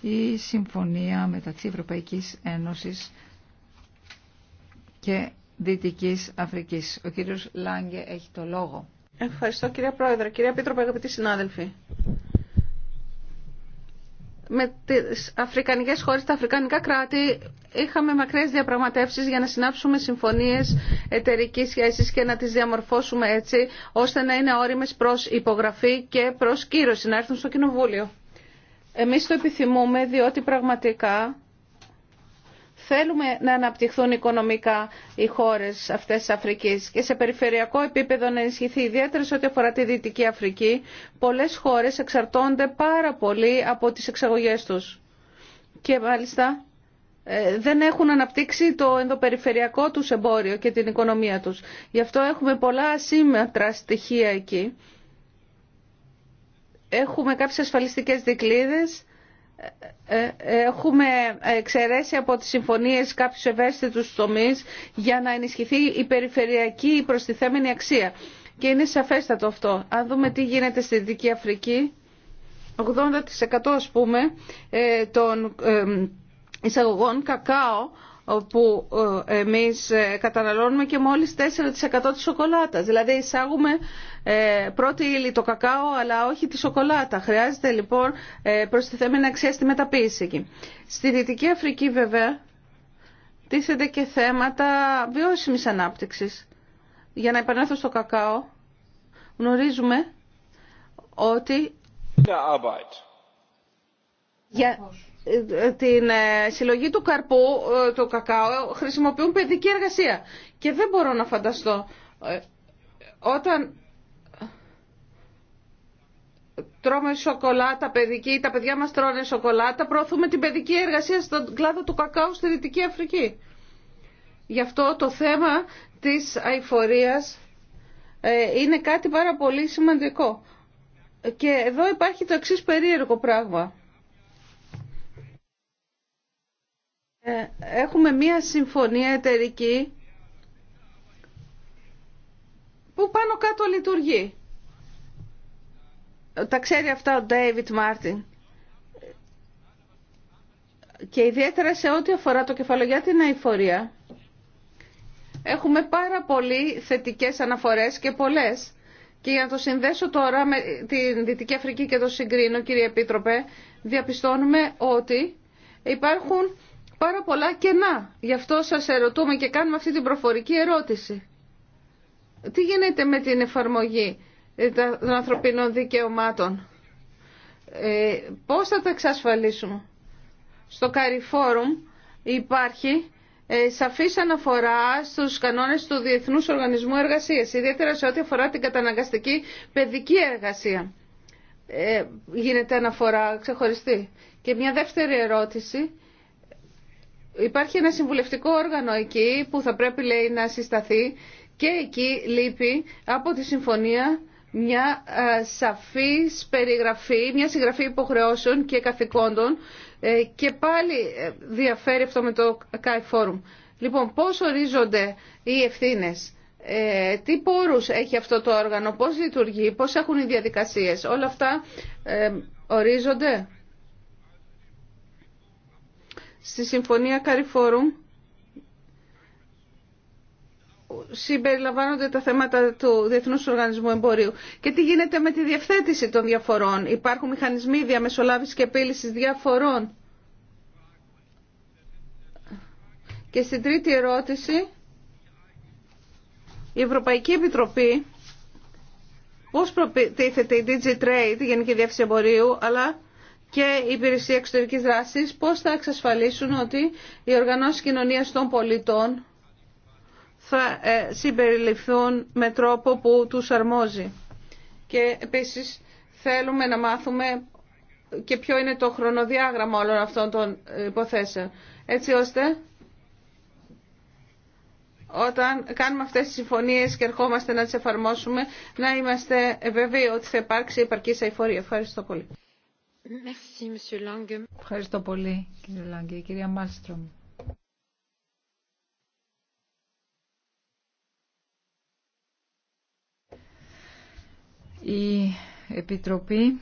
η συμφωνία μεταξύ Ευρωπαϊκής Ένωσης και Δυτικής Αφρικής. Ο κύριος Λάγκε έχει το λόγο. Ευχαριστώ κυρία Πρόεδρε. Κυρία Πίτροπα, αγαπητοί συνάδελφοι. Με τις αφρικανικές χώρες, τα αφρικανικά κράτη είχαμε μακρές διαπραγματεύσεις για να συνάψουμε συμφωνίες εταιρική σχέσης και να τις διαμορφώσουμε έτσι ώστε να είναι όριμες προς υπογραφή και προς κύρωση, να έρθουν στο Κοινοβούλιο. Εμείς το επιθυμούμε διότι πραγματικά θέλουμε να αναπτυχθούν οικονομικά οι χώρες αυτές της Αφρικής και σε περιφερειακό επίπεδο να ενισχυθεί ιδιαίτερα σε ό,τι αφορά τη Δυτική Αφρική. Πολλές χώρες εξαρτώνται πάρα πολύ από τις εξαγωγές τους και μάλιστα ε, δεν έχουν αναπτύξει το ενδοπεριφερειακό τους εμπόριο και την οικονομία τους. Γι' αυτό έχουμε πολλά ασύμμετρα στοιχεία εκεί έχουμε κάποιες ασφαλιστικές δικλείδες, ε, ε, έχουμε εξαιρέσει από τις συμφωνίες κάποιους ευαίσθητους τομείς για να ενισχυθεί η περιφερειακή προστιθέμενη αξία. Και είναι σαφέστατο αυτό. Αν δούμε τι γίνεται στη Δυτική Αφρική, 80% πούμε ε, των εισαγωγών κακάο όπου ε, εμείς ε, καταναλώνουμε και μόλις 4% της σοκολάτας. Δηλαδή εισάγουμε ε, πρώτη ύλη το κακάο αλλά όχι τη σοκολάτα. Χρειάζεται λοιπόν προστιθέμενη αξία στη μεταποίηση εκεί. Στη Δυτική Αφρική βέβαια τίθενται και θέματα βιώσιμης ανάπτυξης. Για να επανέλθω στο κακάο γνωρίζουμε ότι την ε, συλλογή του καρπού, ε, το κακάο, χρησιμοποιούν παιδική εργασία. Και δεν μπορώ να φανταστώ ε, όταν τρώμε σοκολάτα παιδική, τα παιδιά μας τρώνε σοκολάτα, προωθούμε την παιδική εργασία στον κλάδο του κακάου στη Δυτική Αφρική. Γι' αυτό το θέμα της αηφορίας είναι κάτι πάρα πολύ σημαντικό. Και εδώ υπάρχει το εξής περίεργο πράγμα. Ε, έχουμε μία συμφωνία εταιρική που πάνω κάτω λειτουργεί. Τα ξέρει αυτά ο Ντέιβιτ Μάρτιν. Και ιδιαίτερα σε ό,τι αφορά το κεφαλογιά την αηφορία, έχουμε πάρα πολύ θετικές αναφορές και πολλές. Και για να το συνδέσω τώρα με την Δυτική Αφρική και το συγκρίνω, κύριε Επίτροπε, διαπιστώνουμε ότι υπάρχουν πάρα πολλά κενά. Γι' αυτό σας ερωτούμε και κάνουμε αυτή την προφορική ερώτηση. Τι γίνεται με την εφαρμογή ε, των ανθρωπίνων δικαιωμάτων. Ε, πώς θα τα εξασφαλίσουμε. Στο Καριφόρουμ υπάρχει ε, σαφής αναφορά στους κανόνες του Διεθνούς Οργανισμού Εργασίας, ιδιαίτερα σε ό,τι αφορά την καταναγκαστική παιδική εργασία. Ε, γίνεται αναφορά ξεχωριστή. Και μια δεύτερη ερώτηση Υπάρχει ένα συμβουλευτικό όργανο εκεί που θα πρέπει λέει να συσταθεί και εκεί λείπει από τη συμφωνία μια ε, σαφής περιγραφή, μια συγγραφή υποχρεώσεων και καθηκόντων ε, και πάλι ε, διαφέρει αυτό με το CAI Forum. Λοιπόν, πώς ορίζονται οι ευθύνες, τι πόρους έχει αυτό το όργανο, πώς λειτουργεί, πώς έχουν οι διαδικασίες, όλα αυτά ορίζονται στη Συμφωνία Καριφόρουμ συμπεριλαμβάνονται τα θέματα του Διεθνούς Οργανισμού Εμπορίου. Και τι γίνεται με τη διευθέτηση των διαφορών. Υπάρχουν μηχανισμοί διαμεσολάβησης και επίλυσης διαφορών. Και στην τρίτη ερώτηση, η Ευρωπαϊκή Επιτροπή πώς προτίθεται η DigiTrade, η Γενική Διεύθυνση Εμπορίου, αλλά και η Υπηρεσία Εξωτερικής Δράσης πώς θα εξασφαλίσουν ότι οι οργανώσεις κοινωνίας των πολιτών θα ε, συμπεριληφθούν με τρόπο που τους αρμόζει. Και επίσης θέλουμε να μάθουμε και ποιο είναι το χρονοδιάγραμμα όλων αυτών των υποθέσεων. Έτσι ώστε όταν κάνουμε αυτές τις συμφωνίες και ερχόμαστε να τις εφαρμόσουμε, να είμαστε βέβαιοι ότι θα υπάρξει επαρκή αηφορία. Ευχαριστώ πολύ. Ευχαριστώ πολύ κύριε Λάγκε. Κυρία Μάλστρομ. Η Επιτροπή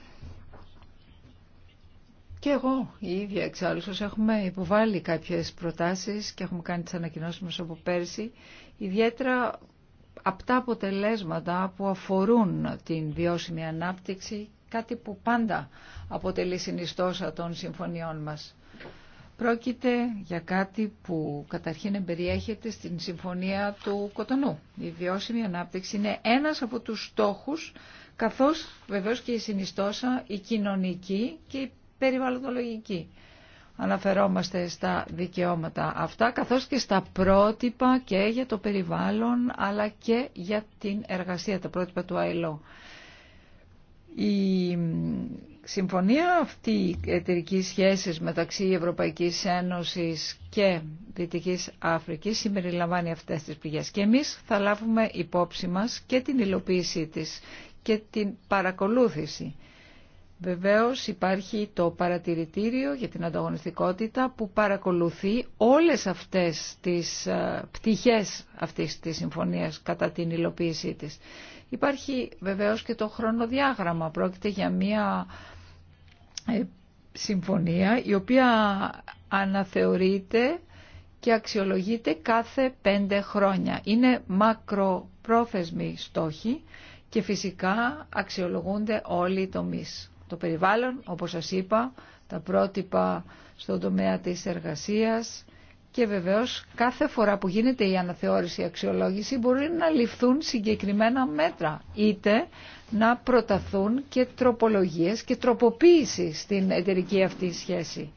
και εγώ η ίδια εξάλλου έχουμε υποβάλει κάποιες προτάσεις και έχουμε κάνει τις ανακοινώσεις μας από πέρσι, ιδιαίτερα τα αποτελέσματα που αφορούν την βιώσιμη ανάπτυξη κάτι που πάντα αποτελεί συνιστόσα των συμφωνιών μας. Πρόκειται για κάτι που καταρχήν εμπεριέχεται στην Συμφωνία του Κοτονού. Η βιώσιμη ανάπτυξη είναι ένας από τους στόχους, καθώς βεβαίως και η συνιστόσα, η κοινωνική και η περιβαλλοντολογική. Αναφερόμαστε στα δικαιώματα αυτά, καθώς και στα πρότυπα και για το περιβάλλον, αλλά και για την εργασία, τα πρότυπα του ΑΕΛΟ. Η συμφωνία αυτή εταιρική σχέσης μεταξύ Ευρωπαϊκής Ένωσης και Δυτικής Αφρικής συμπεριλαμβάνει αυτές τις πηγές και εμείς θα λάβουμε υπόψη μας και την υλοποίησή της και την παρακολούθηση. Βεβαίως υπάρχει το παρατηρητήριο για την ανταγωνιστικότητα που παρακολουθεί όλες αυτές τις ε, πτυχές αυτής της συμφωνίας κατά την υλοποίησή της. Υπάρχει βεβαίως και το χρονοδιάγραμμα. Πρόκειται για μια ε, συμφωνία η οποία αναθεωρείται και αξιολογείται κάθε πέντε χρόνια. Είναι μακροπρόθεσμη στόχοι και φυσικά αξιολογούνται όλοι οι τομείς. Το περιβάλλον, όπως σας είπα, τα πρότυπα στον τομέα της εργασίας, και βεβαίως κάθε φορά που γίνεται η αναθεώρηση η αξιολόγηση μπορεί να ληφθούν συγκεκριμένα μέτρα είτε να προταθούν και τροπολογίες και τροποποίηση στην εταιρική αυτή σχέση.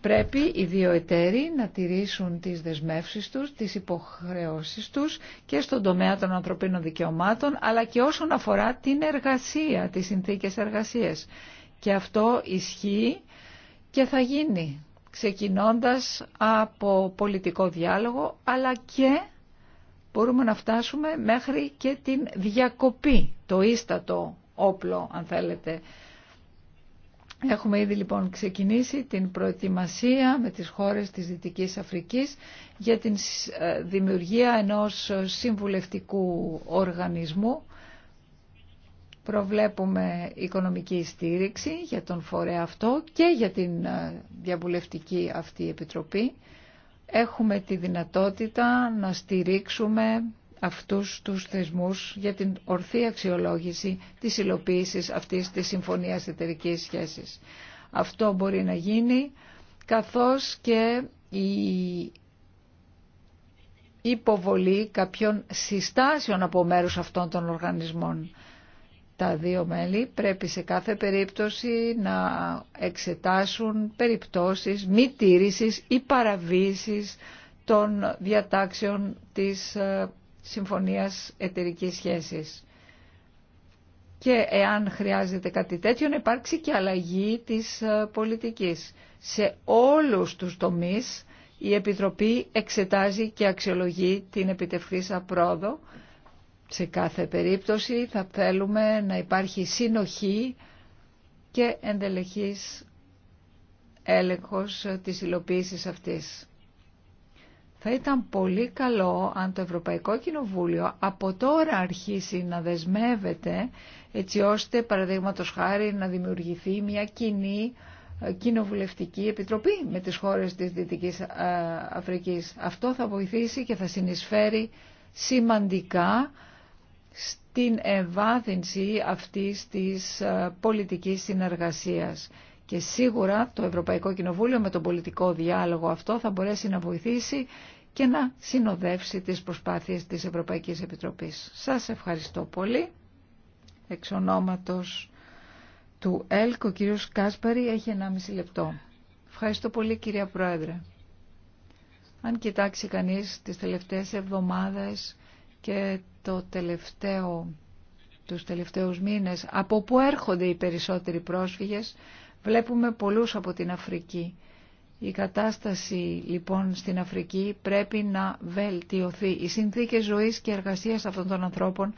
Πρέπει οι δύο εταίροι να τηρήσουν τις δεσμεύσεις τους, τις υποχρεώσεις τους και στον τομέα των ανθρωπίνων δικαιωμάτων, αλλά και όσον αφορά την εργασία, τις συνθήκες εργασίας. Και αυτό ισχύει και θα γίνει ξεκινώντας από πολιτικό διάλογο, αλλά και μπορούμε να φτάσουμε μέχρι και την διακοπή, το ίστατο όπλο, αν θέλετε. Έχουμε ήδη λοιπόν ξεκινήσει την προετοιμασία με τις χώρες της Δυτικής Αφρικής για την ε, δημιουργία ενός ε, συμβουλευτικού οργανισμού Προβλέπουμε οικονομική στήριξη για τον φορέα αυτό και για την ε, διαβουλευτική αυτή επιτροπή. Έχουμε τη δυνατότητα να στηρίξουμε αυτούς τους θεσμούς για την ορθή αξιολόγηση της υλοποίησης αυτής της Συμφωνίας Εταιρικής Σχέσης. Αυτό μπορεί να γίνει καθώς και η υποβολή κάποιων συστάσεων από μέρους αυτών των οργανισμών τα δύο μέλη πρέπει σε κάθε περίπτωση να εξετάσουν περιπτώσεις μη τήρησης ή παραβίησης των διατάξεων της ε, Συμφωνίας Εταιρικής Σχέσης. Και εάν χρειάζεται κάτι τέτοιο να υπάρξει και αλλαγή της ε, πολιτικής. Σε όλους τους τομείς η παραβισεις των διαταξεων της εξετάζει και αξιολογεί την επιτευχθήσα πρόοδο σε κάθε περίπτωση θα θέλουμε να υπάρχει συνοχή και εντελεχής έλεγχος της υλοποίησης αυτής. Θα ήταν πολύ καλό αν το Ευρωπαϊκό Κοινοβούλιο από τώρα αρχίσει να δεσμεύεται έτσι ώστε παραδείγματος χάρη να δημιουργηθεί μια κοινή ε, κοινοβουλευτική επιτροπή με τις χώρες της Δυτικής ε, Αφρικής. Αυτό θα βοηθήσει και θα συνεισφέρει σημαντικά στην ευάθυνση αυτής της ε, πολιτικής συνεργασίας. Και σίγουρα το Ευρωπαϊκό Κοινοβούλιο με τον πολιτικό διάλογο αυτό θα μπορέσει να βοηθήσει και να συνοδεύσει τις προσπάθειες της Ευρωπαϊκής Επιτροπής. Σας ευχαριστώ πολύ. Εξ του ΕΛΚ, ο κύριος Κάσπαρη έχει 1,5 λεπτό. Ευχαριστώ πολύ κυρία Πρόεδρε. Αν κοιτάξει κανείς τις τελευταίες εβδομάδες και το τελευταίο, τους τελευταίους μήνες από που έρχονται οι περισσότεροι πρόσφυγες βλέπουμε πολλούς από την Αφρική. Η κατάσταση λοιπόν στην Αφρική πρέπει να βελτιωθεί. Οι συνθήκες ζωής και εργασίας αυτών των ανθρώπων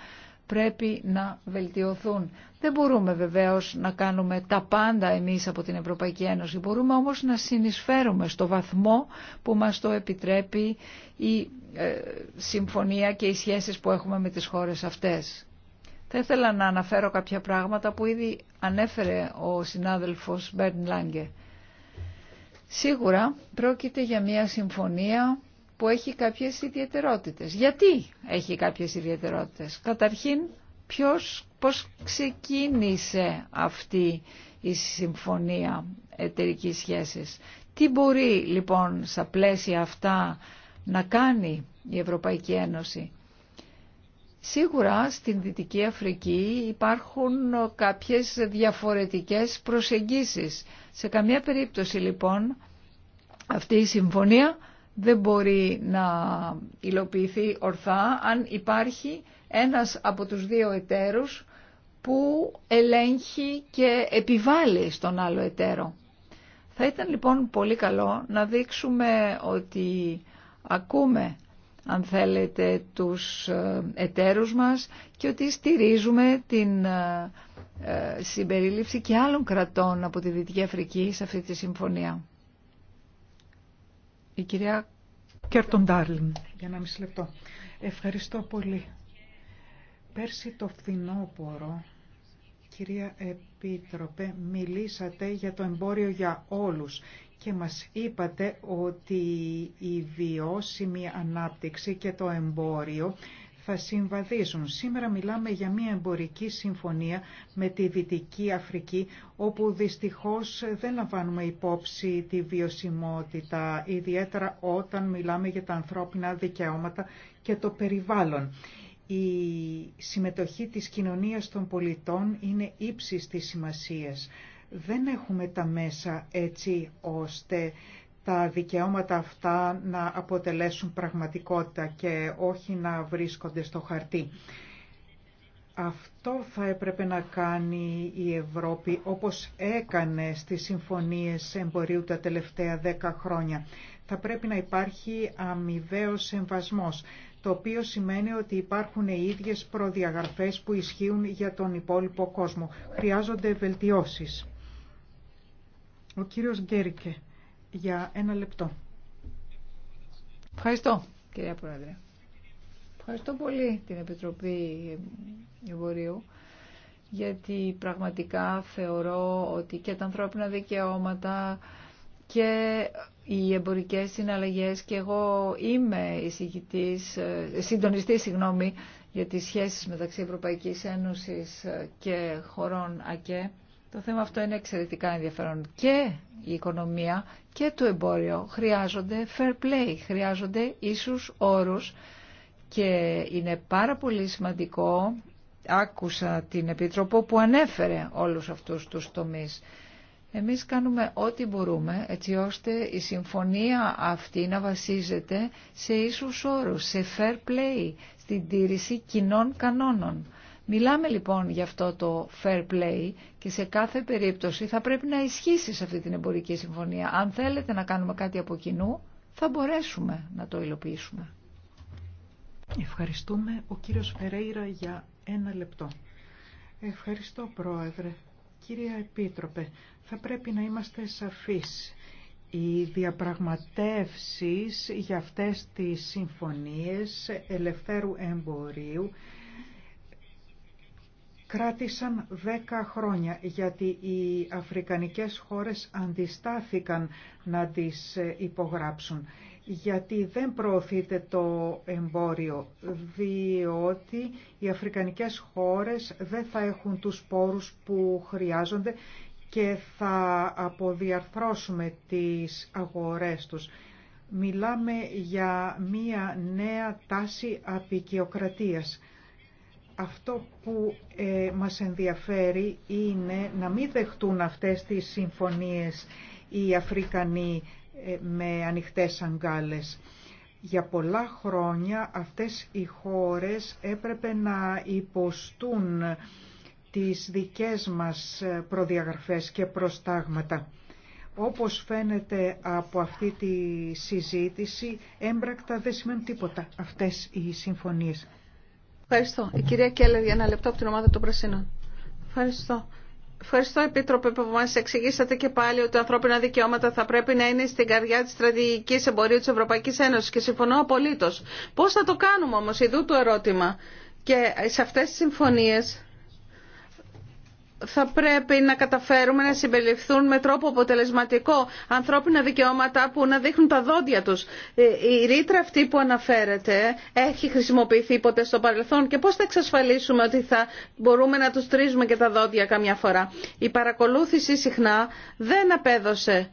πρέπει να βελτιωθούν. Δεν μπορούμε βεβαίως να κάνουμε τα πάντα εμείς από την Ευρωπαϊκή Ένωση. Μπορούμε όμως να συνεισφέρουμε στο βαθμό που μας το επιτρέπει η ε, συμφωνία και οι σχέσεις που έχουμε με τις χώρες αυτές. Θα ήθελα να αναφέρω κάποια πράγματα που ήδη ανέφερε ο συνάδελφος Μπέρν Λάγκε. Σίγουρα πρόκειται για μια συμφωνία που έχει κάποιες ιδιαιτερότητες. Γιατί έχει κάποιες ιδιαιτερότητες. Καταρχήν, ποιος, πώς ξεκίνησε αυτή η συμφωνία εταιρικής σχέσης. Τι μπορεί λοιπόν στα πλαίσια αυτά να κάνει η Ευρωπαϊκή Ένωση. Σίγουρα στην Δυτική Αφρική υπάρχουν κάποιες διαφορετικές προσεγγίσεις. Σε καμία περίπτωση λοιπόν αυτή η συμφωνία δεν μπορεί να υλοποιηθεί ορθά αν υπάρχει ένας από τους δύο εταίρους που ελέγχει και επιβάλλει στον άλλο εταίρο. Θα ήταν λοιπόν πολύ καλό να δείξουμε ότι ακούμε αν θέλετε τους ε, εταίρους μας και ότι στηρίζουμε την ε, ε, συμπερίληψη και άλλων κρατών από τη Δυτική Αφρική σε αυτή τη συμφωνία. Η κυρία Κέρτον Ντάρλιν, για ένα μισή λεπτό. Ευχαριστώ πολύ. Πέρσι το φθινόπωρο. κυρία Επίτροπε, μιλήσατε για το εμπόριο για όλους και μας είπατε ότι η βιώσιμη ανάπτυξη και το εμπόριο θα συμβαδίζουν. Σήμερα μιλάμε για μια εμπορική συμφωνία με τη Δυτική Αφρική, όπου δυστυχώς δεν λαμβάνουμε υπόψη τη βιωσιμότητα, ιδιαίτερα όταν μιλάμε για τα ανθρώπινα δικαιώματα και το περιβάλλον. Η συμμετοχή της κοινωνίας των πολιτών είναι ύψης της σημασίας δεν έχουμε τα μέσα έτσι ώστε τα δικαιώματα αυτά να αποτελέσουν πραγματικότητα και όχι να βρίσκονται στο χαρτί. Αυτό θα έπρεπε να κάνει η Ευρώπη όπως έκανε στις συμφωνίες εμπορίου τα τελευταία δέκα χρόνια. Θα πρέπει να υπάρχει αμοιβαίος εμβασμός, το οποίο σημαίνει ότι υπάρχουν οι ίδιες προδιαγραφές που ισχύουν για τον υπόλοιπο κόσμο. Χρειάζονται βελτιώσεις. Ο κύριος Γκέρικε, για ένα λεπτό. Ευχαριστώ, κυρία Πρόεδρε. Ευχαριστώ πολύ την Επιτροπή Εμπορίου γιατί πραγματικά θεωρώ ότι και τα ανθρώπινα δικαιώματα και οι εμπορικές συναλλαγές και εγώ είμαι εισηγητής, συντονιστής συγγνώμη, για τις σχέσεις μεταξύ Ευρωπαϊκής Ένωσης και χωρών ΑΚΕ. Το θέμα αυτό είναι εξαιρετικά ενδιαφέρον. Και η οικονομία και το εμπόριο χρειάζονται fair play, χρειάζονται ίσους όρους και είναι πάρα πολύ σημαντικό, άκουσα την Επιτροπό που ανέφερε όλους αυτούς τους τομείς. Εμείς κάνουμε ό,τι μπορούμε έτσι ώστε η συμφωνία αυτή να βασίζεται σε ίσους όρους, σε fair play, στην τήρηση κοινών κανόνων. Μιλάμε λοιπόν για αυτό το fair play και σε κάθε περίπτωση θα πρέπει να ισχύσει σε αυτή την εμπορική συμφωνία. Αν θέλετε να κάνουμε κάτι από κοινού, θα μπορέσουμε να το υλοποιήσουμε. Ευχαριστούμε ο κύριος Φερέιρα για ένα λεπτό. Ευχαριστώ πρόεδρε. Κυρία Επίτροπε, θα πρέπει να είμαστε σαφείς. Οι διαπραγματεύσεις για αυτές τις συμφωνίες ελευθέρου εμπορίου κράτησαν δέκα χρόνια γιατί οι αφρικανικές χώρες αντιστάθηκαν να τις ε, υπογράψουν γιατί δεν προωθείται το εμπόριο διότι οι αφρικανικές χώρες δεν θα έχουν τους πόρους που χρειάζονται και θα αποδιαρθρώσουμε τις αγορές τους. Μιλάμε για μία νέα τάση απεικιοκρατίας αυτό που ε, μας ενδιαφέρει είναι να μην δεχτούν αυτές τις συμφωνίες οι Αφρικανοί ε, με ανοιχτές αγκάλες. Για πολλά χρόνια αυτές οι χώρες έπρεπε να υποστούν τις δικές μας προδιαγραφές και προστάγματα. Όπως φαίνεται από αυτή τη συζήτηση, έμπρακτα δεν σημαίνουν τίποτα αυτές οι συμφωνίες. Ευχαριστώ. Η κυρία Κέλλερ για ένα λεπτό από την ομάδα των Πρασίνων. Ευχαριστώ. Ευχαριστώ, Επίτροπε, που μα εξηγήσατε και πάλι ότι τα ανθρώπινα δικαιώματα θα πρέπει να είναι στην καρδιά τη στρατηγική εμπορίου τη Ευρωπαϊκή Ένωση και συμφωνώ απολύτω. Πώ θα το κάνουμε όμω, ειδού το ερώτημα. Και σε αυτέ τι συμφωνίε θα πρέπει να καταφέρουμε να συμπεριληφθούν με τρόπο αποτελεσματικό ανθρώπινα δικαιώματα που να δείχνουν τα δόντια τους. Ε, η ρήτρα αυτή που αναφέρεται έχει χρησιμοποιηθεί ποτέ στο παρελθόν και πώς θα εξασφαλίσουμε ότι θα μπορούμε να τους τρίζουμε και τα δόντια καμιά φορά. Η παρακολούθηση συχνά δεν απέδωσε,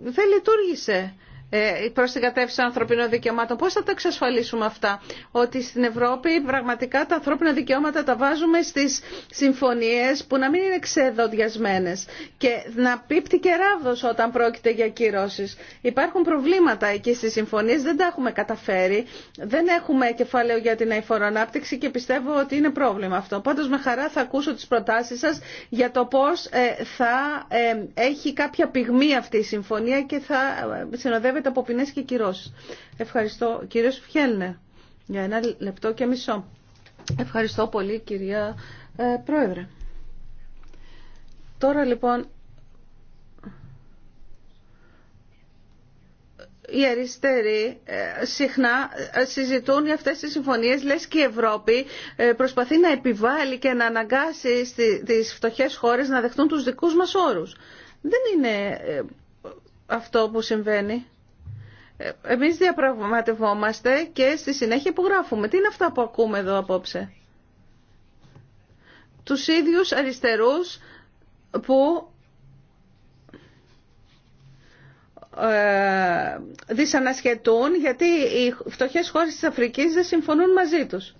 δεν λειτουργήσε ε, προς την κατεύθυνση των ανθρωπίνων δικαιωμάτων. Πώς θα τα εξασφαλίσουμε αυτά, ότι στην Ευρώπη πραγματικά τα ανθρώπινα δικαιώματα τα βάζουμε στις συμφωνίες που να μην είναι ξεδοντιασμένες και να πίπτει και ράβδος όταν πρόκειται για κυρώσεις. Υπάρχουν προβλήματα εκεί στις συμφωνίες, δεν τα έχουμε καταφέρει, δεν έχουμε κεφάλαιο για την αηφοροανάπτυξη και πιστεύω ότι είναι πρόβλημα αυτό. Πάντως με χαρά θα ακούσω τις προτάσεις σας για το πώς ε, θα ε, έχει κάποια πυγμή αυτή η συμφωνία και θα από ποινές και Ευχαριστώ κύριος Φιέλνε για ένα λεπτό και μισό. Ευχαριστώ πολύ κυρία ε, Πρόεδρε. Τώρα λοιπόν οι αριστεροί ε, συχνά ε, συζητούν για αυτές τις συμφωνίες λες και η Ευρώπη προσπαθεί να επιβάλλει και να αναγκάσει τις φτωχές χώρες να δεχτούν τους δικούς μας όρους. Δεν είναι αυτό που συμβαίνει. Εμείς διαπραγματευόμαστε και στη συνέχεια υπογράφουμε. Τι είναι αυτά που ακούμε εδώ απόψε. Τους ίδιους αριστερούς που ε, δυσανασχετούν γιατί οι φτωχές χώρες της Αφρικής δεν συμφωνούν μαζί τους.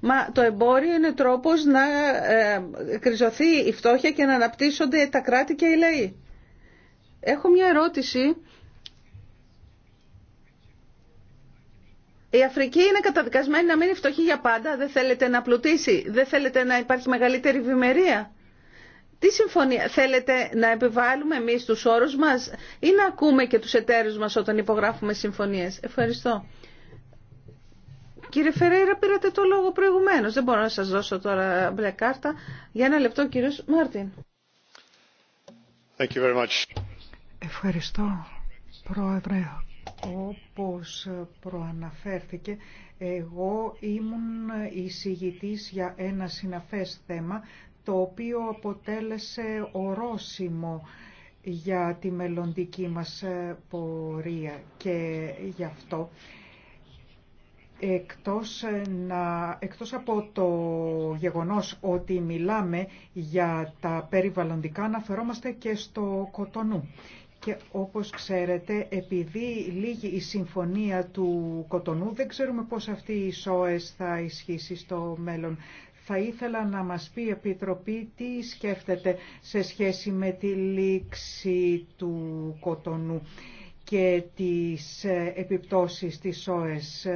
Μα το εμπόριο είναι τρόπος να ε, κρυζωθεί η φτώχεια και να αναπτύσσονται τα κράτη και οι λαοί. Έχω μια ερώτηση Η Αφρική είναι καταδικασμένη να μείνει φτωχή για πάντα. Δεν θέλετε να πλουτίσει. Δεν θέλετε να υπάρχει μεγαλύτερη ευημερία. Τι συμφωνία θέλετε να επιβάλλουμε εμεί του όρου μα ή να ακούμε και του εταίρου μα όταν υπογράφουμε συμφωνίε. Ευχαριστώ. Κύριε Φεραίρα, πήρατε το λόγο προηγουμένω. Δεν μπορώ να σα δώσω τώρα μπλε κάρτα. Για ένα λεπτό, κύριο Μάρτιν. Thank you very much. Ευχαριστώ, Πρόεδρε. Όπως προαναφέρθηκε, εγώ ήμουν εισηγητής για ένα συναφές θέμα, το οποίο αποτέλεσε ορόσημο για τη μελλοντική μας ε, πορεία και γι' αυτό εκτός, ε, να, εκτός από το γεγονός ότι μιλάμε για τα περιβαλλοντικά αναφερόμαστε και στο κοτονού. Και όπως ξέρετε, επειδή λίγη η συμφωνία του Κοτονού, δεν ξέρουμε πώς αυτή η ΣΟΕΣ θα ισχύσει στο μέλλον. Θα ήθελα να μας πει η Επιτροπή τι σκέφτεται σε σχέση με τη λήξη του Κοτονού και τις ε, επιπτώσεις της ΣΟΕΣ.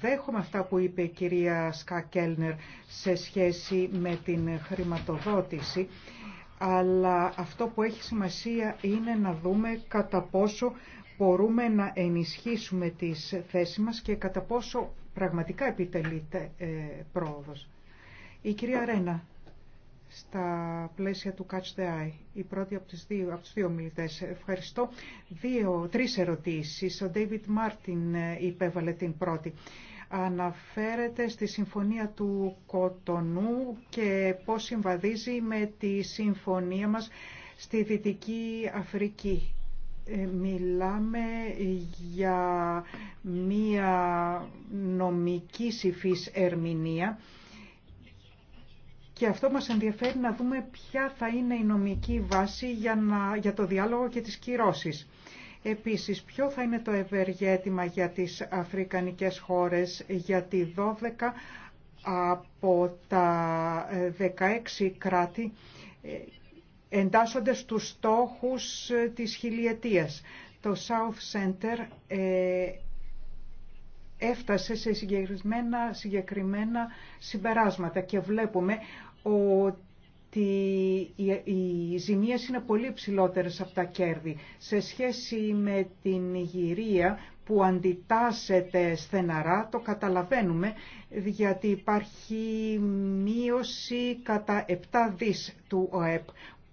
Δέχομαι αυτά που είπε η κυρία Σκακέλνερ σε σχέση με την χρηματοδότηση αλλά αυτό που έχει σημασία είναι να δούμε κατά πόσο μπορούμε να ενισχύσουμε τις θέσεις μας και κατά πόσο πραγματικά επιτελείται ε, πρόοδος. Η κυρία Ρένα, στα πλαίσια του Catch the Eye, η πρώτη από τις δύο, από Ευχαριστώ. Δύο, τρεις ερωτήσεις. Ο David Μάρτιν ε, υπέβαλε την πρώτη αναφέρεται στη Συμφωνία του Κοτονού και πώς συμβαδίζει με τη Συμφωνία μας στη Δυτική Αφρική. Ε, μιλάμε για μία νομική υφής ερμηνεία και αυτό μας ενδιαφέρει να δούμε ποια θα είναι η νομική βάση για, για το διάλογο και τις κυρώσεις. Επίσης, ποιο θα είναι το ευεργέτημα για τις αφρικανικές χώρες, γιατί 12 από τα 16 κράτη ε, εντάσσονται στους στόχους ε, της χιλιετίας. Το South Center ε, έφτασε σε συγκεκριμένα, συγκεκριμένα συμπεράσματα και βλέπουμε ότι ότι οι ζημίες είναι πολύ ψηλότερες από τα κέρδη. Σε σχέση με την Ιγυρία που αντιτάσσεται στεναρά, το καταλαβαίνουμε, γιατί υπάρχει μείωση κατά 7 δις του ΟΕΠ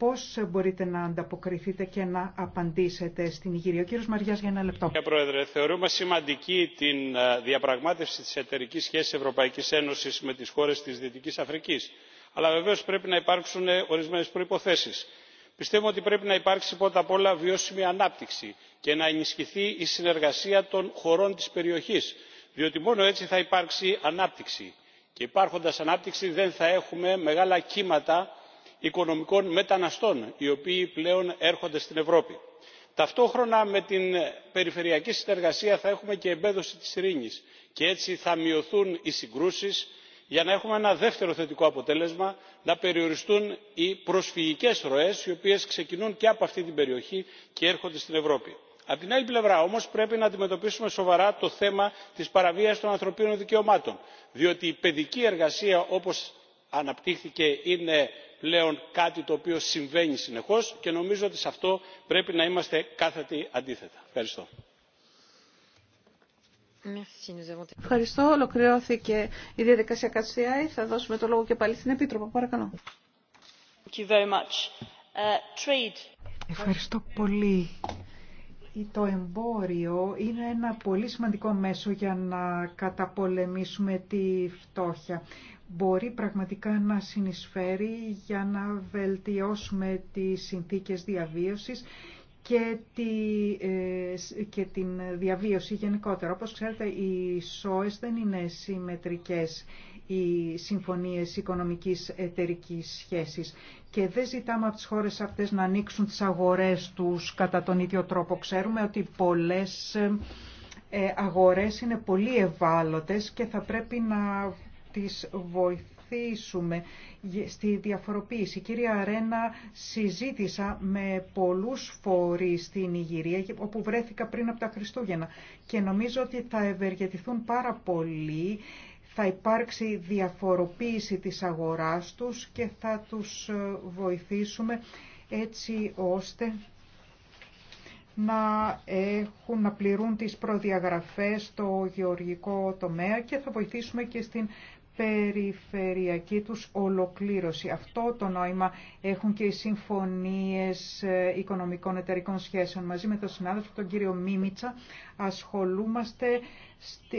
πώς μπορείτε να ανταποκριθείτε και να απαντήσετε στην Ιγυρία. Ο κύριος Μαριάς για ένα λεπτό. Κύριε Πρόεδρε, θεωρούμε σημαντική την ε, διαπραγμάτευση της εταιρικής σχέσης Ευρωπαϊκής Ένωσης με τις χώρες της Δυτικής Αφρικής. Αλλά βεβαίως πρέπει να υπάρξουν ε, ορισμένες προϋποθέσεις. Πιστεύω ότι πρέπει να υπάρξει πρώτα απ' όλα βιώσιμη ανάπτυξη και να ενισχυθεί η συνεργασία των χωρών της περιοχής, διότι μόνο έτσι θα υπάρξει ανάπτυξη. Και υπάρχοντας ανάπτυξη δεν θα έχουμε μεγάλα κύματα οικονομικών μεταναστών οι οποίοι πλέον έρχονται στην ευρώπη. ταυτόχρονα με την περιφερειακή συνεργασία θα έχουμε και εμπέδωση της ειρήνης και έτσι θα μειωθούν οι συγκρούσεις για να έχουμε ένα δεύτερο θετικό αποτέλεσμα να περιοριστούν οι προσφυγικές ροές οι οποίες ξεκινούν και από αυτή την περιοχή και έρχονται στην ευρώπη. Απ' την άλλη πλευρά όμως πρέπει να αντιμετωπίσουμε σοβαρά το θέμα της παραβίασης των ανθρωπίνων δικαιωμάτων διότι η παιδική εργασία όπως αναπτύχθηκε είναι πλέον κάτι το οποίο συμβαίνει συνεχώς και νομίζω ότι σε αυτό πρέπει να είμαστε κάθετοι αντίθετα. Ευχαριστώ. Ευχαριστώ. Ολοκληρώθηκε η διαδικασία Κατσιάη. Θα δώσουμε το λόγο και πάλι στην Επίτροπο. Παρακαλώ. Ε, Ευχαριστώ πολύ. Το εμπόριο είναι ένα πολύ σημαντικό μέσο για να καταπολεμήσουμε τη φτώχεια μπορεί πραγματικά να συνεισφέρει για να βελτιώσουμε τις συνθήκες διαβίωσης και, τη, ε, την διαβίωση γενικότερα. Όπως ξέρετε, οι ΣΟΕΣ δεν είναι συμμετρικές οι συμφωνίες οικονομικής οικονομικής-ετερικής σχέσης και δεν ζητάμε από τις χώρες αυτές να ανοίξουν τις αγορές τους κατά τον ίδιο τρόπο. Ξέρουμε ότι πολλές ε, αγορές είναι πολύ ευάλωτες και θα πρέπει να τις βοηθήσουμε στη διαφοροποίηση. Κυρία Αρένα, συζήτησα με πολλούς φορείς στην Ιγυρία, όπου βρέθηκα πριν από τα Χριστούγεννα και νομίζω ότι θα ευεργετηθούν πάρα πολύ θα υπάρξει διαφοροποίηση της αγοράς τους και θα τους ε, βοηθήσουμε έτσι ώστε να, έχουν, να πληρούν τις προδιαγραφές στο γεωργικό τομέα και θα βοηθήσουμε και στην περιφερειακή τους ολοκλήρωση. Αυτό το νόημα έχουν και οι συμφωνίες ε, οικονομικών εταιρικών σχέσεων. Μαζί με τον συνάδελφο τον κύριο Μίμητσα ασχολούμαστε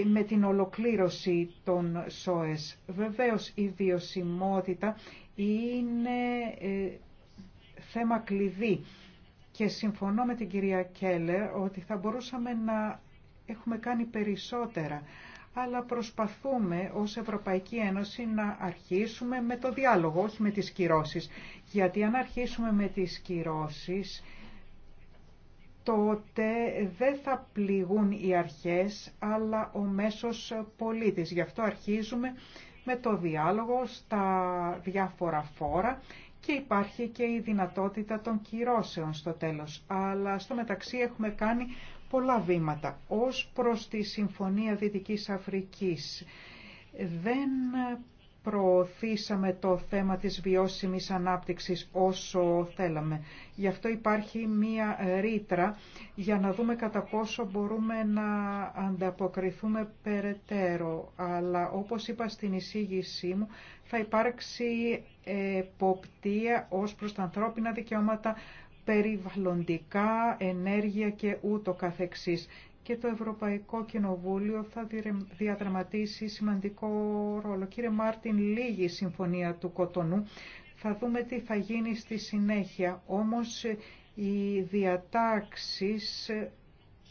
με την ολοκλήρωση των ΣΟΕΣ. Βεβαίως η βιωσιμότητα είναι ε, θέμα κλειδί και συμφωνώ με την κυρία Κέλλερ ότι θα μπορούσαμε να έχουμε κάνει περισσότερα αλλά προσπαθούμε ως Ευρωπαϊκή Ένωση να αρχίσουμε με το διάλογο, όχι με τις κυρώσεις. Γιατί αν αρχίσουμε με τις κυρώσεις, τότε δεν θα πληγούν οι αρχές, αλλά ο μέσος πολίτης. Γι' αυτό αρχίζουμε με το διάλογο στα διάφορα φόρα και υπάρχει και η δυνατότητα των κυρώσεων στο τέλος. Αλλά στο μεταξύ έχουμε κάνει πολλά βήματα ως προς τη Συμφωνία Δυτικής Αφρικής. Δεν προωθήσαμε το θέμα της βιώσιμης ανάπτυξης όσο θέλαμε. Γι' αυτό υπάρχει μία ρήτρα για να δούμε κατά πόσο μπορούμε να ανταποκριθούμε περαιτέρω. Αλλά όπως είπα στην εισήγησή μου θα υπάρξει εποπτεία ως προς τα ανθρώπινα δικαιώματα, περιβαλλοντικά, ενέργεια και ούτω καθεξής. Και το Ευρωπαϊκό Κοινοβούλιο θα διαδραματίσει σημαντικό ρόλο. Κύριε Μάρτιν, λίγη συμφωνία του Κοτονού. Θα δούμε τι θα γίνει στη συνέχεια. Όμως ε, οι διατάξεις ε,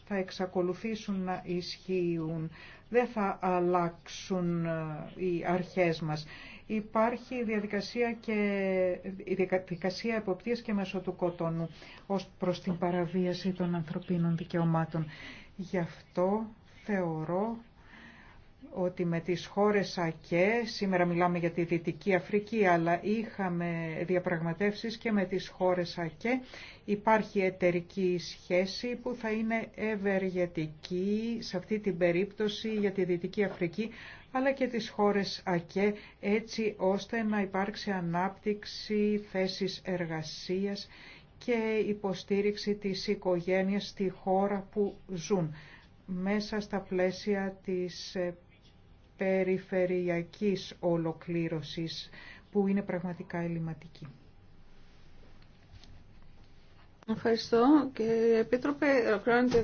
θα εξακολουθήσουν να ισχύουν. Δεν θα αλλάξουν ε, οι αρχές μας υπάρχει η διαδικασία, και, η διαδικασία εποπτείας και μέσω του κοτόνου ως προς την παραβίαση των ανθρωπίνων δικαιωμάτων. Γι' αυτό θεωρώ ότι με τις χώρες ΑΚΕ, σήμερα μιλάμε για τη Δυτική Αφρική, αλλά είχαμε διαπραγματεύσεις και με τις χώρες ΑΚΕ. Υπάρχει εταιρική σχέση που θα είναι ευεργετική σε αυτή την περίπτωση για τη Δυτική Αφρική, αλλά και τις χώρες ΑΚΕ, έτσι ώστε να υπάρξει ανάπτυξη θέσης εργασίας και υποστήριξη της οικογένειας στη χώρα που ζουν μέσα στα πλαίσια της περιφερειακής ολοκλήρωσης που είναι πραγματικά ελληματική. Ευχαριστώ και Επίτροπε,